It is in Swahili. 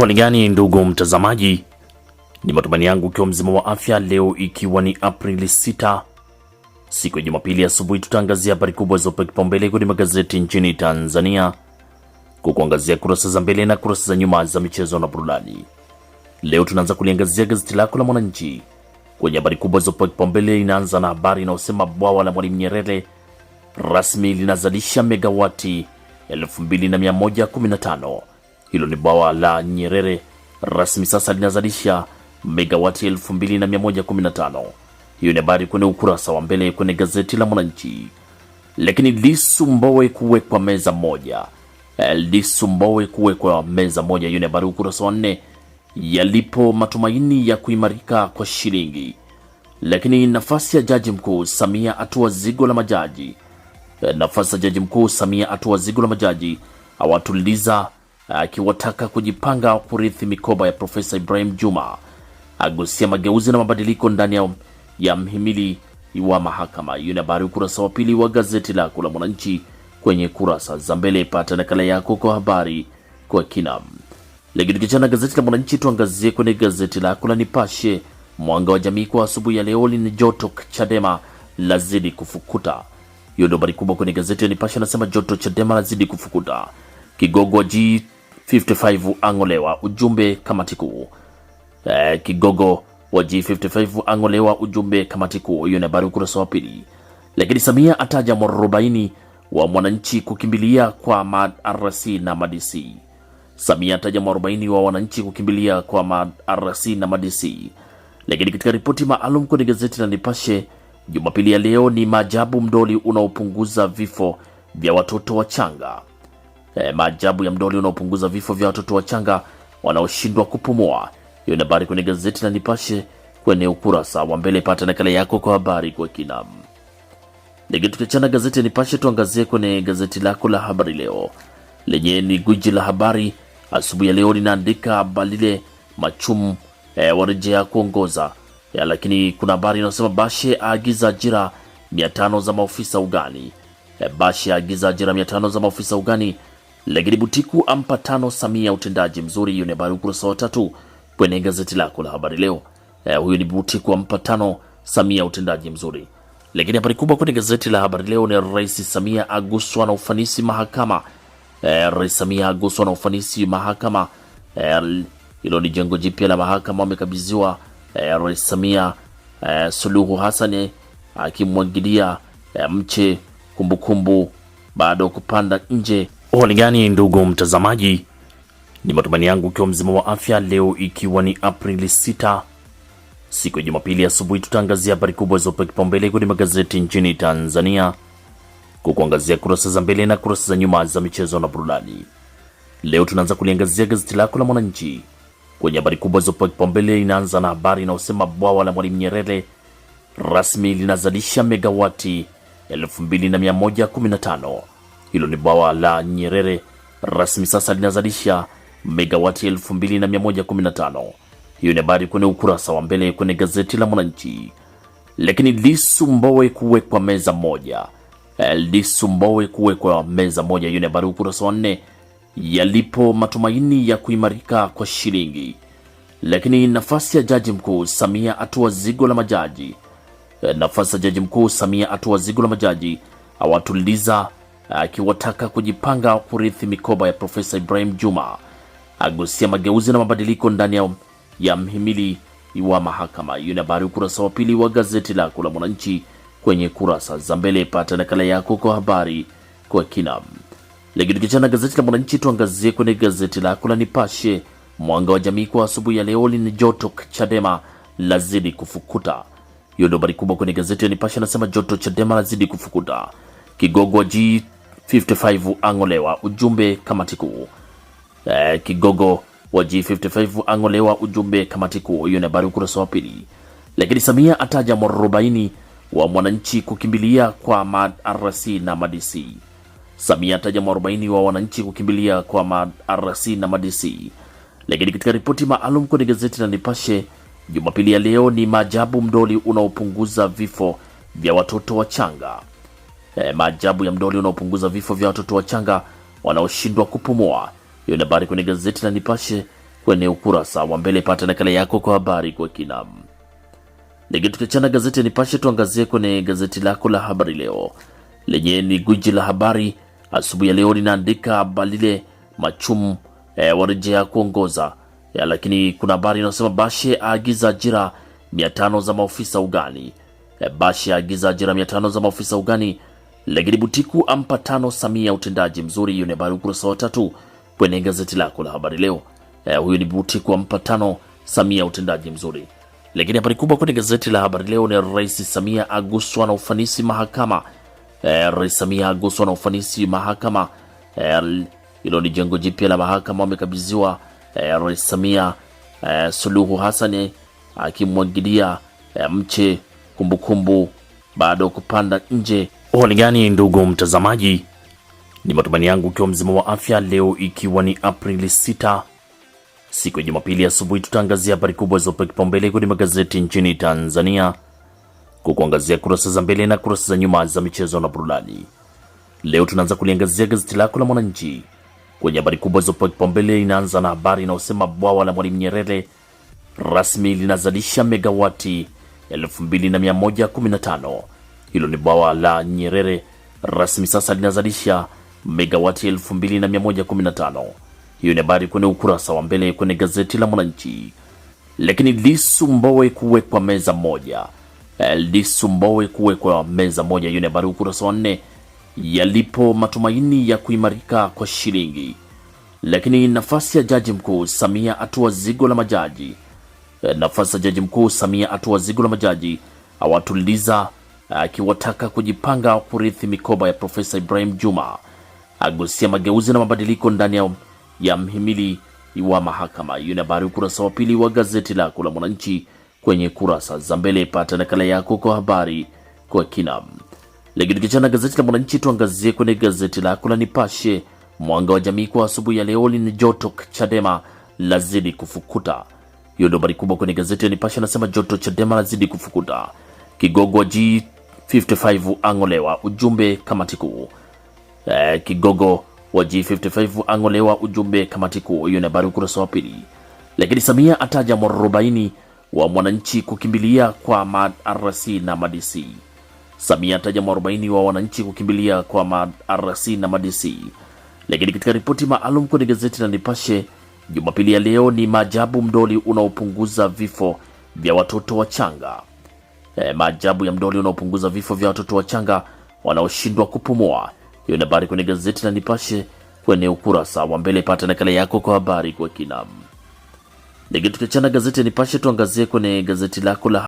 Hali gani ndugu mtazamaji, ni matumaini yangu ukiwa mzima wa afya. Leo ikiwa ni Aprili 6 siku ya Jumapili asubuhi, tutaangazia habari kubwa zilizopewa kipaumbele kwenye magazeti nchini Tanzania, kukuangazia kurasa za mbele na kurasa za nyuma za michezo na burudani. Leo tunaanza kuliangazia gazeti lako la Mwananchi kwenye habari kubwa zilizopewa kipaumbele. Inaanza na habari inayosema bwawa la Mwalimu Nyerere rasmi linazalisha megawati 2115 hilo ni bwawa la Nyerere rasmi sasa linazalisha megawati 2115. Hiyo ni habari kwenye ukurasa wa mbele kwenye gazeti la Mwananchi. Lakini Lisu Mbowe kuwekwa meza moja, eh, Lisu Mbowe kuwekwa meza moja. Hiyo ni habari ukurasa wa nne. Yalipo matumaini ya kuimarika kwa shilingi. Lakini nafasi ya jaji mkuu Samia atua zigo la majaji, eh, nafasi ya jaji mkuu Samia atua zigo la majaji, awatuliza akiwataka kujipanga kurithi mikoba ya Profesa Ibrahim Juma. Agusia mageuzi na mabadiliko ndani ya, ya mhimili wa mahakama. Hiyo ni habari ukurasa wa pili wa gazeti lako la Mwananchi kwenye kurasa za mbele. Pata nakala yako kwa habari kwa kina. Lakini tukichana gazeti la Mwananchi, tuangazie kwenye gazeti lako la Nipashe Mwanga wa Jamii kwa asubuhi ya leo, lini joto Chadema lazidi kufukuta. Hiyo ndio habari kubwa kwenye gazeti ya Nipashe, anasema joto Chadema lazidi kufukuta. Kigogo wa ji 55 ang'olewa, ujumbe kamati kuu. E, kigogo wa G55 ang'olewa, ujumbe kamati kuu. Hiyo ni habari ukurasa wa pili. Lakini Samia ataja mwarobaini wa mwananchi kukimbilia kwa MRC na MDC. Samia ataja mwarobaini wa wananchi kukimbilia kwa MRC na MDC. Lakini katika ripoti maalum kwenye gazeti la Nipashe Jumapili ya leo ni maajabu mdoli unaopunguza vifo vya watoto wachanga eh, maajabu ya mdoli unaopunguza vifo vya watoto wachanga wanaoshindwa kupumua. Hiyo ni habari kwenye gazeti la Nipashe kwenye ukurasa wa mbele. Pata nakala yako kwa habari kwa kina. Ndege tukichana gazeti ya Nipashe, tuangazie kwenye gazeti lako la habari leo lenye ni guji la habari asubuhi ya leo linaandika Balile Machum e, warejea kuongoza ya, lakini kuna habari inayosema Bashe aagiza ajira mia tano za maofisa ugani. E, Bashe aagiza ajira mia tano za maofisa ugani lakini Butiku ampa tano Samia utendaji mzuri. Hiyo ni habari ukurasa wa tatu kwenye gazeti lako la habari leo. Eh, huyu ni Butiku ampa tano Samia utendaji mzuri. Lakini habari kubwa kwenye gazeti la habari leo ni Rais Samia aguswa na ufanisi mahakama. Eh, Rais Samia aguswa na ufanisi mahakama. Eh, hilo eh, ni jengo jipya la mahakama wamekabidhiwa eh, Rais Samia eh, Suluhu Hassan eh, akimwagilia eh, mche kumbukumbu baada ya kupanda nje Hali gani ndugu mtazamaji, ni matumaini yangu ukiwa mzima wa afya. Leo ikiwa ni Aprili 6 siku ya Jumapili asubuhi, tutaangazia habari kubwa zilizopewa kipaumbele kwenye magazeti nchini Tanzania, kukuangazia kurasa za mbele na kurasa za nyuma za michezo na burudani. Leo tunaanza kuliangazia gazeti lako la Mwananchi kwenye habari kubwa zilizopewa kipaumbele. Inaanza na habari inayosema bwawa la Mwalimu Nyerere rasmi linazalisha megawati 2115 hilo ni bwawa la Nyerere rasmi sasa linazalisha megawati 2115. Hiyo ni habari kwenye ukurasa wa mbele kwenye gazeti la Mwananchi. Lakini Lisu Mbowe kuwekwa meza moja, eh, Lisu Mbowe kuwekwa meza moja. Hiyo ni habari ukurasa wa nne. Yalipo matumaini ya kuimarika kwa shilingi. Lakini nafasi ya jaji mkuu Samia atua zigo la majaji, eh, nafasi ya jaji mkuu Samia atua zigo la majaji, awatuliza akiwataka kujipanga kurithi mikoba ya Profesa Ibrahim Juma. Agusia mageuzi na mabadiliko ndani ya, ya mhimili wa mahakama. Hiyo ni habari ukurasa wa pili wa gazeti lako la Mwananchi kwenye kurasa za mbele. Pata nakala yako kwa habari kwa kina. Lakini tukiachana gazeti la Mwananchi, tuangazie kwenye gazeti lako la Nipashe Mwanga wa Jamii kwa asubuhi ya leo, ni joto Chadema lazidi kufukuta. Hiyo ndio habari kubwa kwenye gazeti ya Nipashe, anasema joto Chadema lazidi kufukuta. Kigogo wa G 55 ang'olewa, ujumbe kamati kuu. Eh, kigogo wa G55 ang'olewa, ujumbe kamati kuu. Hiyo ni habari ukurasa wa pili. Lakini Samia ataja mwarobaini wa mwananchi kukimbilia kwa MRC na MDC. Samia ataja mwarobaini wa wananchi kukimbilia kwa MRC na MDC. Lakini katika ripoti maalum kwenye gazeti la Nipashe Jumapili ya leo ni maajabu mdoli unaopunguza vifo vya watoto wachanga eh, maajabu ya mdoli unaopunguza vifo vya watoto wachanga wanaoshindwa kupumua. Hiyo ni habari kwenye gazeti la Nipashe kwenye ukurasa wa mbele. Pata nakala yako kwa habari kwa kina. Nikitukichana gazeti ya Nipashe, tuangazie kwenye gazeti lako la Habari Leo lenye ni guji la habari asubuhi ya leo linaandika Balile Machum e, warejea kuongoza ya, lakini kuna habari inayosema Bashe aagiza ajira mia tano za maofisa ugani. E, Bashe aagiza ajira mia tano za maofisa ugani lakini Butiku ampa tano Samia utendaji mzuri. Hiyo ni habari ukurasa wa tatu kwenye gazeti lako la habari leo. Eh, huyu ni Butiku ampa tano Samia utendaji mzuri. Lakini habari kubwa kwenye gazeti la habari leo ni Rais Samia aguswa na ufanisi mahakama. Eh, Rais Samia aguswa na ufanisi mahakama. Eh, hilo eh, ni jengo jipya la mahakama wamekabidhiwa eh, Rais Samia eh, Suluhu Hassan akimwagilia eh, mche kumbukumbu baada ya kupanda nje Hali gani ndugu mtazamaji, ni matumaini yangu ukiwa mzima wa afya. Leo ikiwa ni Aprili 6 siku ya Jumapili asubuhi, tutaangazia habari kubwa zilizopewa kipaumbele kwenye magazeti nchini Tanzania, kukuangazia kurasa za mbele na kurasa za nyuma za michezo na burudani. Leo tunaanza kuliangazia gazeti lako la Mwananchi kwenye habari kubwa zilizopewa kipaumbele. Inaanza na habari inayosema bwawa la Mwalimu Nyerere rasmi linazalisha megawati 2115 hilo ni bwawa la Nyerere rasmi sasa linazalisha megawati 2115. Hiyo ni habari kwenye ukurasa wa mbele kwenye gazeti la Mwananchi. Lakini Lisu Mbowe kuwekwa meza moja, eh, Lisu Mbowe kuwekwa meza moja. Hiyo ni habari ukurasa wa nne. Yalipo matumaini ya kuimarika kwa shilingi. Lakini nafasi ya jaji mkuu Samia atua zigo la majaji, eh, nafasi ya jaji mkuu Samia atua zigo la majaji, awatuliza akiwataka kujipanga kurithi mikoba ya Profesa Ibrahim Juma. Agusia mageuzi na mabadiliko ndani ya, ya mhimili wa mahakama. Hiyo ni habari ukurasa wa pili wa gazeti lako la Mwananchi kwenye kurasa za mbele. Pata nakala yako kwa habari kwa kina. Lakini tukiachana gazeti la Mwananchi, tuangazie kwenye gazeti lako la Nipashe Mwanga wa Jamii kwa asubuhi ya leo, ni joto Chadema lazidi kufukuta. Hiyo ndio habari kubwa kwenye gazeti ya Nipashe, anasema joto Chadema lazidi kufukuta. Kigogo wa G 55 ang'olewa ujumbe kamati kuu. E, kigogo wa G55 ang'olewa ujumbe kamati kuu. Hiyo ni habari ukurasa wa pili. Lakini Samia ataja mwarobaini wa mwananchi kukimbilia kwa MRC na MDC. Samia ataja mwarobaini wa wananchi kukimbilia kwa MRC na MDC. Lakini katika ripoti maalum kwenye gazeti la Nipashe Jumapili ya leo ni maajabu mdoli unaopunguza vifo vya watoto wachanga eh, maajabu ya mdoli unaopunguza vifo vya watoto wachanga wanaoshindwa kupumua. Hiyo ni habari kwenye gazeti la Nipashe kwenye ukurasa wa mbele, pata nakala yako kwa habari kwa kina. tukiachana gazeti ya Nipashe, tuangazie kwenye gazeti lako la